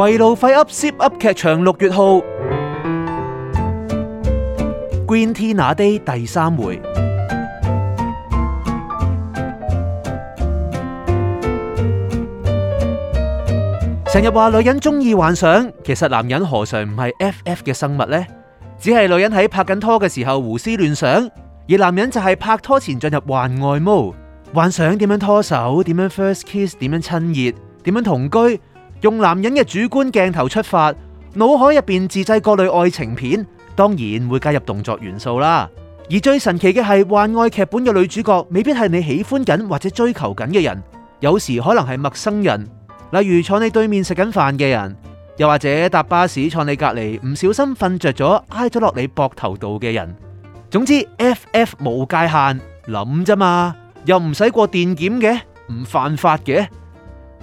圍爐 Zip 噏 Zip 噏劇場六月號，Green Tea 那 Day 第三回。成日話女人中意幻想，其實男人何嘗唔係 ff 嘅生物呢？只係女人喺拍緊拖嘅時候胡思亂想，而男人就係拍拖前進入幻愛模，幻想點樣拖手，點樣 first kiss，點樣親熱，點樣同居。用男人嘅主觀鏡頭出發，腦海入邊自製各類愛情片，當然會加入動作元素啦。而最神奇嘅係，幻愛劇本嘅女主角未必係你喜歡緊或者追求緊嘅人，有時可能係陌生人，例如坐你對面食緊飯嘅人，又或者搭巴士坐你隔籬唔小心瞓着咗挨咗落你膊頭度嘅人。總之，FF 冇界限，諗啫嘛，又唔使過電檢嘅，唔犯法嘅。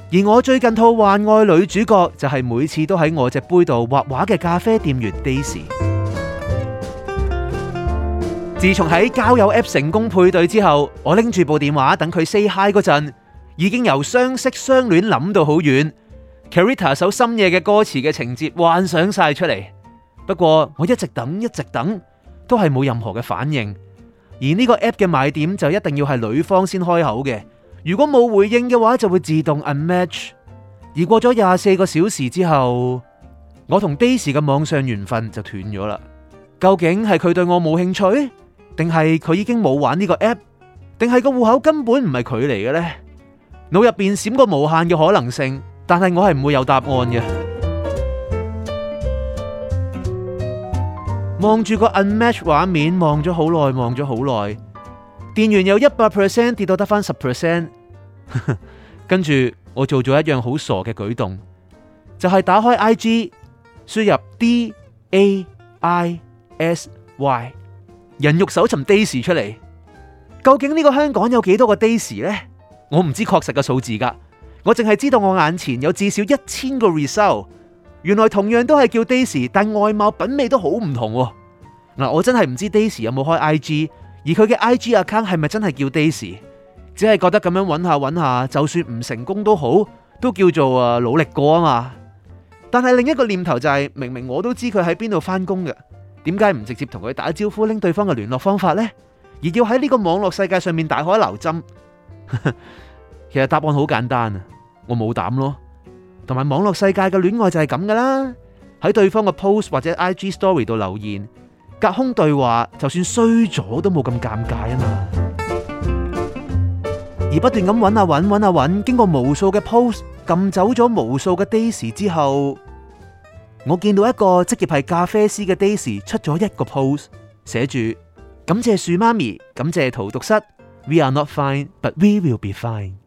而我最近套幻愛女主角就係每次都喺我隻杯度畫畫嘅咖啡店員 Daisy，自從喺交友 App 成功配對之後，我拎住部電話等佢 say hi 嗰陣，已經由相識相戀諗到好遠，Carita 首深夜嘅歌詞嘅情節幻想晒出嚟。不過我一直等一直等，都係冇任何嘅反應。而呢個 App 嘅賣點就一定要係女方先開口嘅。如果冇回應嘅話，就會自動 unmatch。而過咗廿四個小時之後，我同 Daisy 嘅網上緣分就斷咗啦。究竟係佢對我冇興趣，定係佢已經冇玩呢個 app，定係個戶口根本唔係佢嚟嘅呢？腦入邊閃過無限嘅可能性，但係我係唔會有答案嘅。望住 個 unmatch 畫面，望咗好耐，望咗好耐。電源由一百 percent 跌到得翻十 percent。跟住 我做咗一樣好傻嘅舉動，就係打開 I G 輸入 D A I S Y 人肉搜尋 Daisy 出嚟。究竟呢個香港有幾多個 Daisy 呢？我唔知確實嘅數字噶，我淨係知道我眼前有至少一千個 result。原來同樣都係叫 Daisy，但外貌品味都好唔同。嗱，我真係唔知 Daisy 有冇開 I G，而佢嘅 I G account 係咪真係叫 Daisy？只係覺得咁樣搵下搵下，就算唔成功都好，都叫做啊努力過啊嘛。但係另一個念頭就係，明明我都知佢喺邊度翻工嘅，點解唔直接同佢打招呼，拎對方嘅聯絡方法呢？而要喺呢個網絡世界上面大海撈針， 其實答案好簡單啊，我冇膽咯。同埋網絡世界嘅戀愛就係咁噶啦，喺對方嘅 post 或者 IG story 度留言，隔空對話，就算衰咗都冇咁尷尬啊嘛。而不斷咁揾啊揾揾啊揾，經過無數嘅 post，撳走咗無數嘅 Daisy 之後，我見到一個職業係咖啡師嘅 Daisy 出咗一個 post，寫住感謝樹媽咪，感謝荼毒室，We are not fine, but we will be fine。